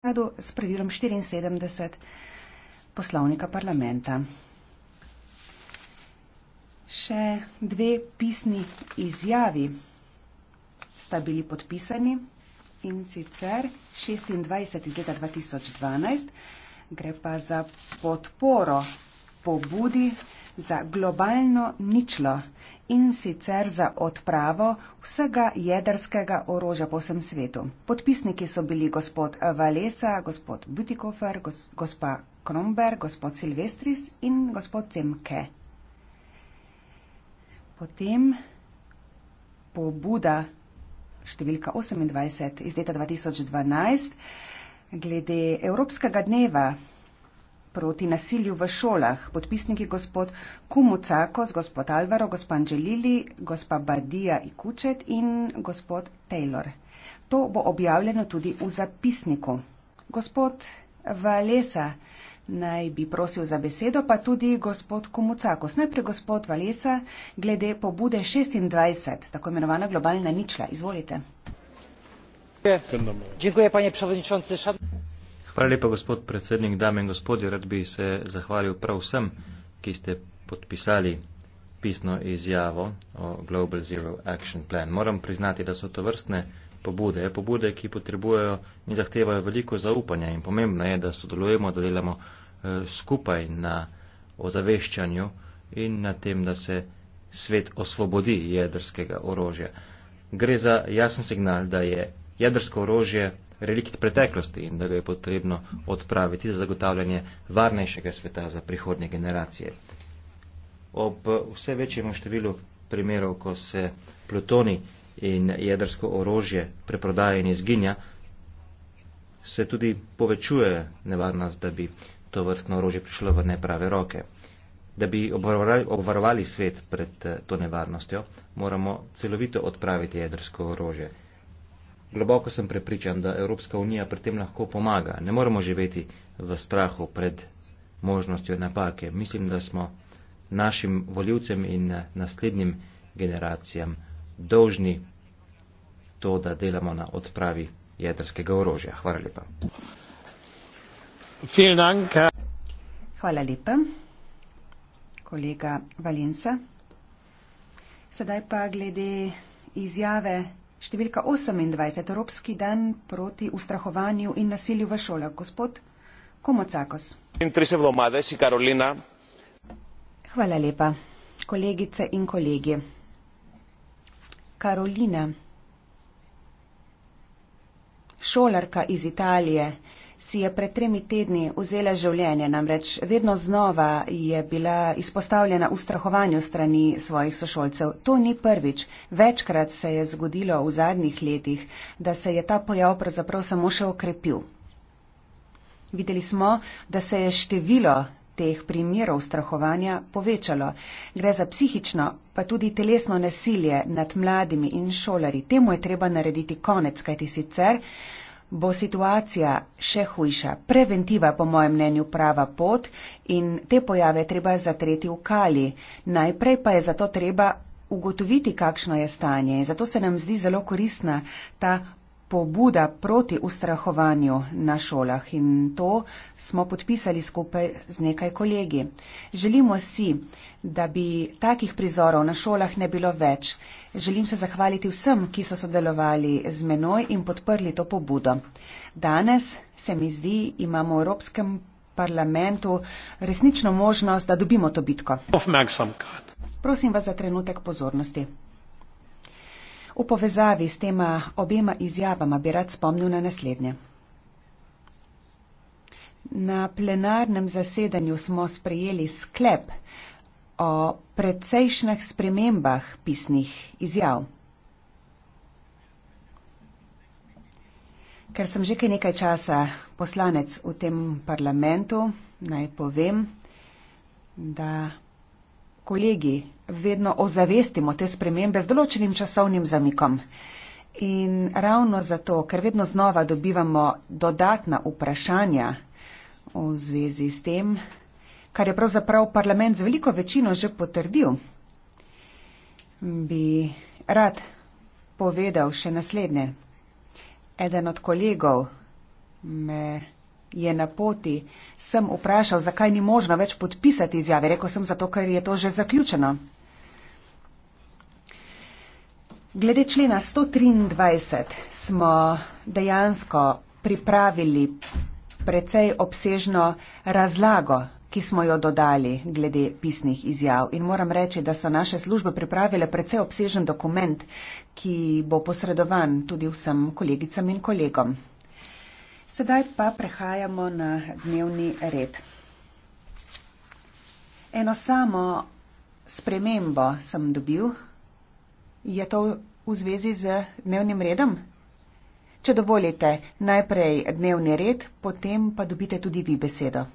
skladu s pravilom 74 poslovnika parlamenta. Še dve pisni izjavi sta bili podpisani in sicer 26. leta 2012 gre pa za podporo pobudi za globalno ničlo in sicer za odpravo vsega jedrskega orožja po vsem svetu. Podpisniki so bili gospod Valesa, gospod Butikofer, gos gospa Kromberg, gospod Silvestris in gospod Cemke. Potem pobuda številka 28 iz leta 2012 glede Evropskega dneva proti nasilju v šolah. Podpisniki gospod Kumucakos, gospod Alvaro, gospod Anželili, gospa Badija Ikučet in gospod Taylor. To bo objavljeno tudi v zapisniku. Gospod Valesa naj bi prosil za besedo, pa tudi gospod Kumucakos. Najprej gospod Valesa, glede pobude 26, tako imenovana globalna ničla. Izvolite. Dziękuję panie przewodniczący. Szan... Hvala lepa, gospod predsednik, dame in gospodje. Rad bi se zahvalil prav vsem, ki ste podpisali pisno izjavo o Global Zero Action Plan. Moram priznati, da so to vrstne pobude, pobude, ki potrebujejo in zahtevajo veliko zaupanja in pomembno je, da sodelujemo, da delamo eh, skupaj na ozaveščanju in na tem, da se svet osvobodi jedrskega orožja. Gre za jasen signal, da je jedrsko orožje relikt preteklosti in da ga je potrebno odpraviti za zagotavljanje varnejšega sveta za prihodnje generacije. Ob vse večjem številu primerov, ko se plutoni in jedrsko orožje preprodaja in izginja, se tudi povečuje nevarnost, da bi to vrstno orožje prišlo v neprave roke. Da bi obvarovali svet pred eh, to nevarnostjo, moramo celovito odpraviti jedrsko orožje. Globoko sem prepričan, da Evropska unija pri tem lahko pomaga. Ne moramo živeti v strahu pred možnostjo napake. Mislim, da smo našim voljivcem in naslednjim generacijam dolžni to, da delamo na odpravi jedrskega orožja. Hvala lepa. Hvala lepa, kolega Valinca. Sedaj pa glede izjave številka 28, Evropski dan proti ustrahovanju in nasilju v šolah. Gospod Komocakos. Hvala lepa, kolegice in kolegi. Karolina, šolarka iz Italije, si je pred tremi tedni vzela življenje, namreč vedno znova je bila izpostavljena ustrahovanju strani svojih sošolcev. To ni prvič. Večkrat se je zgodilo v zadnjih letih, da se je ta pojav pravzaprav samo še okrepil. Videli smo, da se je število teh primerov strahovanja povečalo. Gre za psihično, pa tudi telesno nasilje nad mladimi in šolari. Temu je treba narediti konec, kajti sicer bo situacija še hujša. Preventiva, po mojem mnenju, prava pot in te pojave treba zatreti v kali. Najprej pa je zato treba ugotoviti, kakšno je stanje. Zato se nam zdi zelo koristna ta pobuda proti ustrahovanju na šolah in to smo podpisali skupaj z nekaj kolegi. Želimo si, da bi takih prizorov na šolah ne bilo več. Želim se zahvaliti vsem, ki so sodelovali z menoj in podprli to pobudo. Danes, se mi zdi, imamo v Evropskem parlamentu resnično možnost, da dobimo to bitko. Prosim vas za trenutek pozornosti. V povezavi s tema obema izjavama bi rad spomnil na naslednje. Na plenarnem zasedanju smo sprejeli sklep, o precejšnjih spremembah pisnih izjav. Ker sem že kaj nekaj časa poslanec v tem parlamentu, naj povem, da kolegi vedno ozavestimo te spremembe z določenim časovnim zamikom. In ravno zato, ker vedno znova dobivamo dodatna vprašanja v zvezi s tem, kar je pravzaprav parlament z veliko večino že potrdil, bi rad povedal še naslednje. Eden od kolegov me je na poti, sem vprašal, zakaj ni možno več podpisati izjave. Rekl sem zato, ker je to že zaključeno. Glede člena 123 smo dejansko pripravili precej obsežno razlago ki smo jo dodali glede pisnih izjav. In moram reči, da so naše službe pripravile precej obsežen dokument, ki bo posredovan tudi vsem kolegicam in kolegom. Sedaj pa prehajamo na dnevni red. Eno samo spremembo sem dobil. Je to v zvezi z dnevnim redom? Če dovolite, najprej dnevni red, potem pa dobite tudi vi besedo.